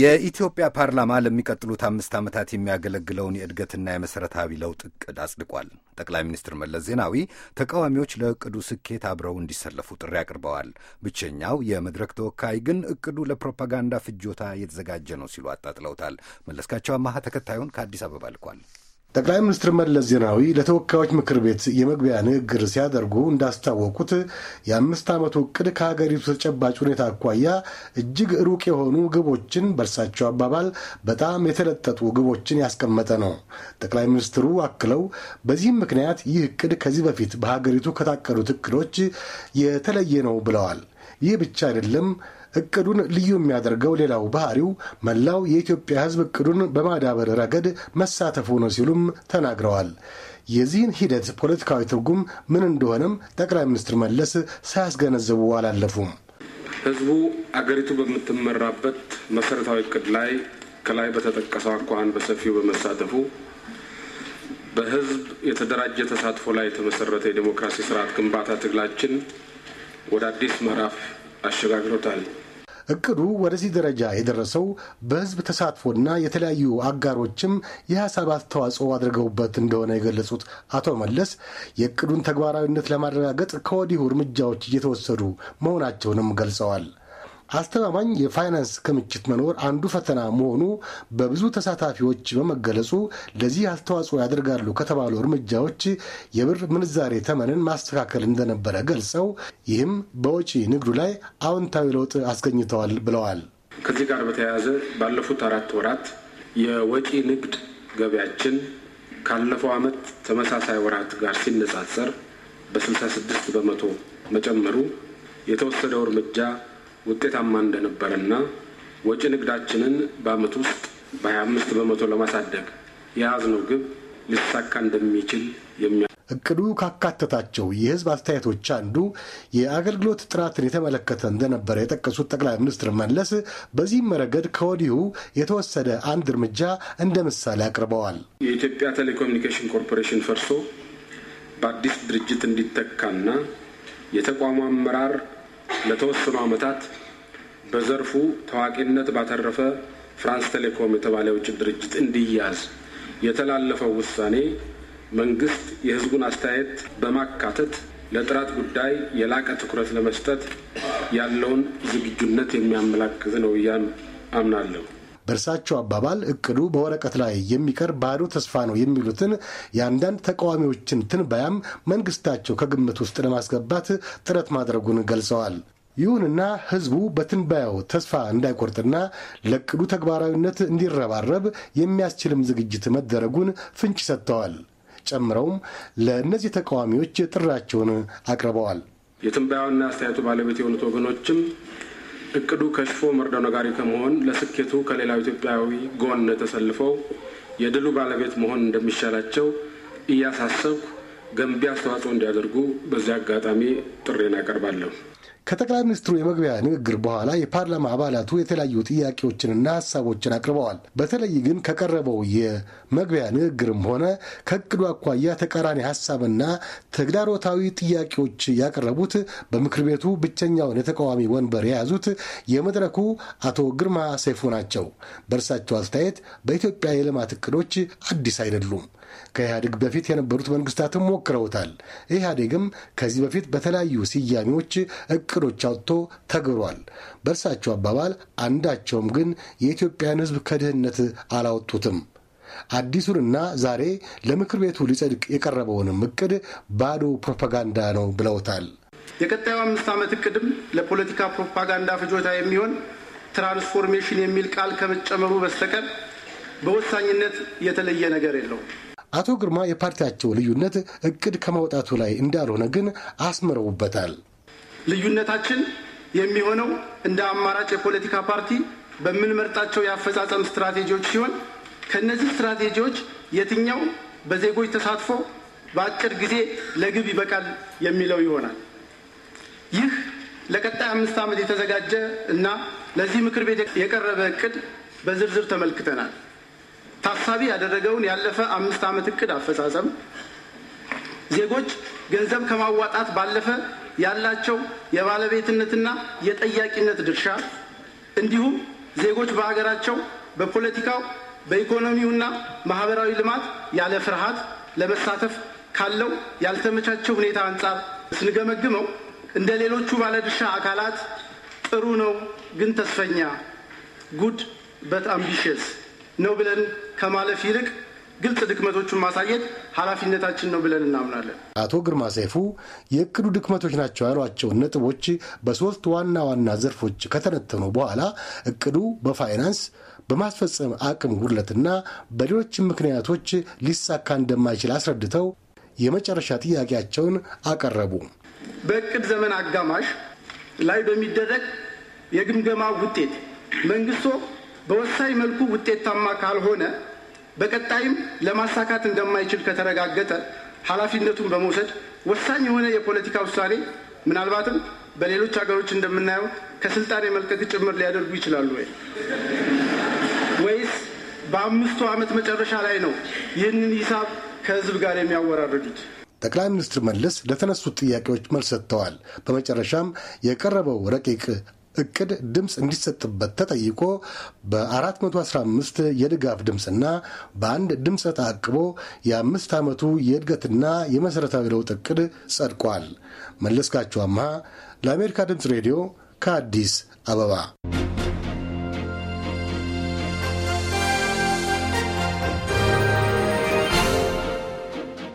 የኢትዮጵያ ፓርላማ ለሚቀጥሉት አምስት ዓመታት የሚያገለግለውን የእድገትና የመሠረታዊ ለውጥ እቅድ አጽድቋል። ጠቅላይ ሚኒስትር መለስ ዜናዊ ተቃዋሚዎች ለእቅዱ ስኬት አብረው እንዲሰለፉ ጥሪ አቅርበዋል። ብቸኛው የመድረክ ተወካይ ግን እቅዱ ለፕሮፓጋንዳ ፍጆታ የተዘጋጀ ነው ሲሉ አጣጥለውታል። መለስካቸው አማሃ ተከታዩን ከአዲስ አበባ ልኳል። ጠቅላይ ሚኒስትር መለስ ዜናዊ ለተወካዮች ምክር ቤት የመግቢያ ንግግር ሲያደርጉ እንዳስታወቁት የአምስት ዓመቱ እቅድ ከሀገሪቱ ተጨባጭ ሁኔታ አኳያ እጅግ ሩቅ የሆኑ ግቦችን በእርሳቸው አባባል በጣም የተለጠጡ ግቦችን ያስቀመጠ ነው። ጠቅላይ ሚኒስትሩ አክለው በዚህም ምክንያት ይህ እቅድ ከዚህ በፊት በሀገሪቱ ከታቀዱት እቅዶች የተለየ ነው ብለዋል። ይህ ብቻ አይደለም። እቅዱን ልዩ የሚያደርገው ሌላው ባህሪው መላው የኢትዮጵያ ሕዝብ እቅዱን በማዳበር ረገድ መሳተፉ ነው ሲሉም ተናግረዋል። የዚህን ሂደት ፖለቲካዊ ትርጉም ምን እንደሆነም ጠቅላይ ሚኒስትር መለስ ሳያስገነዘቡ አላለፉም። ሕዝቡ አገሪቱ በምትመራበት መሰረታዊ እቅድ ላይ ከላይ በተጠቀሰው አኳን በሰፊው በመሳተፉ በህዝብ የተደራጀ ተሳትፎ ላይ የተመሰረተ የዴሞክራሲ ስርዓት ግንባታ ትግላችን ወደ አዲስ ምዕራፍ አሸጋግሮታል። እቅዱ ወደዚህ ደረጃ የደረሰው በህዝብ ተሳትፎና የተለያዩ አጋሮችም የሀሳብ አስተዋጽኦ አድርገውበት እንደሆነ የገለጹት አቶ መለስ የእቅዱን ተግባራዊነት ለማረጋገጥ ከወዲሁ እርምጃዎች እየተወሰዱ መሆናቸውንም ገልጸዋል። አስተማማኝ የፋይናንስ ክምችት መኖር አንዱ ፈተና መሆኑ በብዙ ተሳታፊዎች በመገለጹ ለዚህ አስተዋጽኦ ያደርጋሉ ከተባሉ እርምጃዎች የብር ምንዛሬ ተመንን ማስተካከል እንደነበረ ገልጸው ይህም በወጪ ንግዱ ላይ አዎንታዊ ለውጥ አስገኝተዋል ብለዋል። ከዚህ ጋር በተያያዘ ባለፉት አራት ወራት የወጪ ንግድ ገቢያችን ካለፈው ዓመት ተመሳሳይ ወራት ጋር ሲነጻጸር በ66 በመቶ መጨመሩ የተወሰደው እርምጃ ውጤታማ እንደነበረና ወጪ ንግዳችንን በዓመት ውስጥ በ25 በመቶ ለማሳደግ የያዝነው ግብ ሊሳካ እንደሚችል የሚያ እቅዱ ካካተታቸው የህዝብ አስተያየቶች አንዱ የአገልግሎት ጥራትን የተመለከተ እንደነበረ የጠቀሱት ጠቅላይ ሚኒስትር መለስ በዚህም ረገድ ከወዲሁ የተወሰደ አንድ እርምጃ እንደ ምሳሌ አቅርበዋል። የኢትዮጵያ ቴሌኮሙኒኬሽን ኮርፖሬሽን ፈርሶ በአዲስ ድርጅት እንዲተካና የተቋሙ አመራር ለተወሰኑ ዓመታት በዘርፉ ታዋቂነት ባተረፈ ፍራንስ ቴሌኮም የተባለ የውጭ ድርጅት እንዲያዝ የተላለፈው ውሳኔ መንግስት የሕዝቡን አስተያየት በማካተት ለጥራት ጉዳይ የላቀ ትኩረት ለመስጠት ያለውን ዝግጁነት የሚያመላክት ነው እያን አምናለሁ። በእርሳቸው አባባል እቅዱ በወረቀት ላይ የሚቀር ባዶ ተስፋ ነው የሚሉትን የአንዳንድ ተቃዋሚዎችን ትንበያም መንግስታቸው ከግምት ውስጥ ለማስገባት ጥረት ማድረጉን ገልጸዋል። ይሁንና ህዝቡ በትንበያው ተስፋ እንዳይቆርጥና ለእቅዱ ተግባራዊነት እንዲረባረብ የሚያስችልም ዝግጅት መደረጉን ፍንጭ ሰጥተዋል። ጨምረውም ለእነዚህ ተቃዋሚዎች ጥራቸውን አቅርበዋል። የትንበያውና አስተያየቱ ባለቤት የሆኑት ወገኖችም እቅዱ ከሽፎ መርዶ ነጋሪ ከመሆን ለስኬቱ ከሌላው ኢትዮጵያዊ ጎን ተሰልፈው የድሉ ባለቤት መሆን እንደሚሻላቸው እያሳሰብኩ ገንቢ አስተዋጽኦ እንዲያደርጉ በዚያ አጋጣሚ ጥሬን አቀርባለሁ። ከጠቅላይ ሚኒስትሩ የመግቢያ ንግግር በኋላ የፓርላማ አባላቱ የተለያዩ ጥያቄዎችንና ሀሳቦችን አቅርበዋል። በተለይ ግን ከቀረበው የመግቢያ ንግግርም ሆነ ከእቅዱ አኳያ ተቃራኒ ሀሳብና ተግዳሮታዊ ጥያቄዎች ያቀረቡት በምክር ቤቱ ብቸኛውን የተቃዋሚ ወንበር የያዙት የመድረኩ አቶ ግርማ ሰይፉ ናቸው። በእርሳቸው አስተያየት በኢትዮጵያ የልማት እቅዶች አዲስ አይደሉም። ከኢህአዴግ በፊት የነበሩት መንግስታትም ሞክረውታል። ኢህአዴግም ከዚህ በፊት በተለያዩ ስያሜዎች እቅዶች አውጥቶ ተግብሯል። በእርሳቸው አባባል አንዳቸውም ግን የኢትዮጵያን ህዝብ ከድህነት አላወጡትም። አዲሱንና ዛሬ ለምክር ቤቱ ሊጸድቅ የቀረበውንም እቅድ ባዶ ፕሮፓጋንዳ ነው ብለውታል። የቀጣዩ አምስት ዓመት እቅድም ለፖለቲካ ፕሮፓጋንዳ ፍጆታ የሚሆን ትራንስፎርሜሽን የሚል ቃል ከመጨመሩ በስተቀር በወሳኝነት የተለየ ነገር የለውም። አቶ ግርማ የፓርቲያቸው ልዩነት እቅድ ከማውጣቱ ላይ እንዳልሆነ ግን አስምረውበታል። ልዩነታችን የሚሆነው እንደ አማራጭ የፖለቲካ ፓርቲ በምንመርጣቸው የአፈጻጸም ስትራቴጂዎች ሲሆን ከእነዚህ ስትራቴጂዎች የትኛው በዜጎች ተሳትፎ በአጭር ጊዜ ለግብ ይበቃል የሚለው ይሆናል። ይህ ለቀጣይ አምስት ዓመት የተዘጋጀ እና ለዚህ ምክር ቤት የቀረበ እቅድ በዝርዝር ተመልክተናል። ታሳቢ ያደረገውን ያለፈ አምስት ዓመት እቅድ አፈጻጸም ዜጎች ገንዘብ ከማዋጣት ባለፈ ያላቸው የባለቤትነትና የጠያቂነት ድርሻ እንዲሁም ዜጎች በሀገራቸው በፖለቲካው በኢኮኖሚውና ማህበራዊ ልማት ያለ ፍርሃት ለመሳተፍ ካለው ያልተመቻቸው ሁኔታ አንጻር ስንገመግመው እንደ ሌሎቹ ባለድርሻ አካላት ጥሩ ነው ግን ተስፈኛ ጉድ በት አምቢሽስ ነው ብለን ከማለፍ ይልቅ ግልጽ ድክመቶቹን ማሳየት ኃላፊነታችን ነው ብለን እናምናለን። አቶ ግርማ ሰይፉ የእቅዱ ድክመቶች ናቸው ያሏቸውን ነጥቦች በሶስት ዋና ዋና ዘርፎች ከተነተኑ በኋላ እቅዱ በፋይናንስ በማስፈጸም አቅም ጉድለትና በሌሎችም ምክንያቶች ሊሳካ እንደማይችል አስረድተው የመጨረሻ ጥያቄያቸውን አቀረቡ። በእቅድ ዘመን አጋማሽ ላይ በሚደረግ የግምገማ ውጤት መንግስቶ በወሳኝ መልኩ ውጤታማ ካልሆነ በቀጣይም ለማሳካት እንደማይችል ከተረጋገጠ ኃላፊነቱን በመውሰድ ወሳኝ የሆነ የፖለቲካ ውሳኔ ምናልባትም በሌሎች ሀገሮች እንደምናየው ከስልጣን የመልቀቅ ጭምር ሊያደርጉ ይችላሉ ወይ ወይስ በአምስቱ ዓመት መጨረሻ ላይ ነው ይህንን ሂሳብ ከህዝብ ጋር የሚያወራረዱት? ጠቅላይ ሚኒስትር መለስ ለተነሱት ጥያቄዎች መልስ ሰጥተዋል። በመጨረሻም የቀረበው ረቂቅ እቅድ ድምፅ እንዲሰጥበት ተጠይቆ በ415 የድጋፍ ድምፅና በአንድ ድምፅ ተአቅቦ የአምስት ዓመቱ የእድገትና የመሠረታዊ ለውጥ እቅድ ጸድቋል። መለስካቸው አምሃ ለአሜሪካ ድምፅ ሬዲዮ ከአዲስ አበባ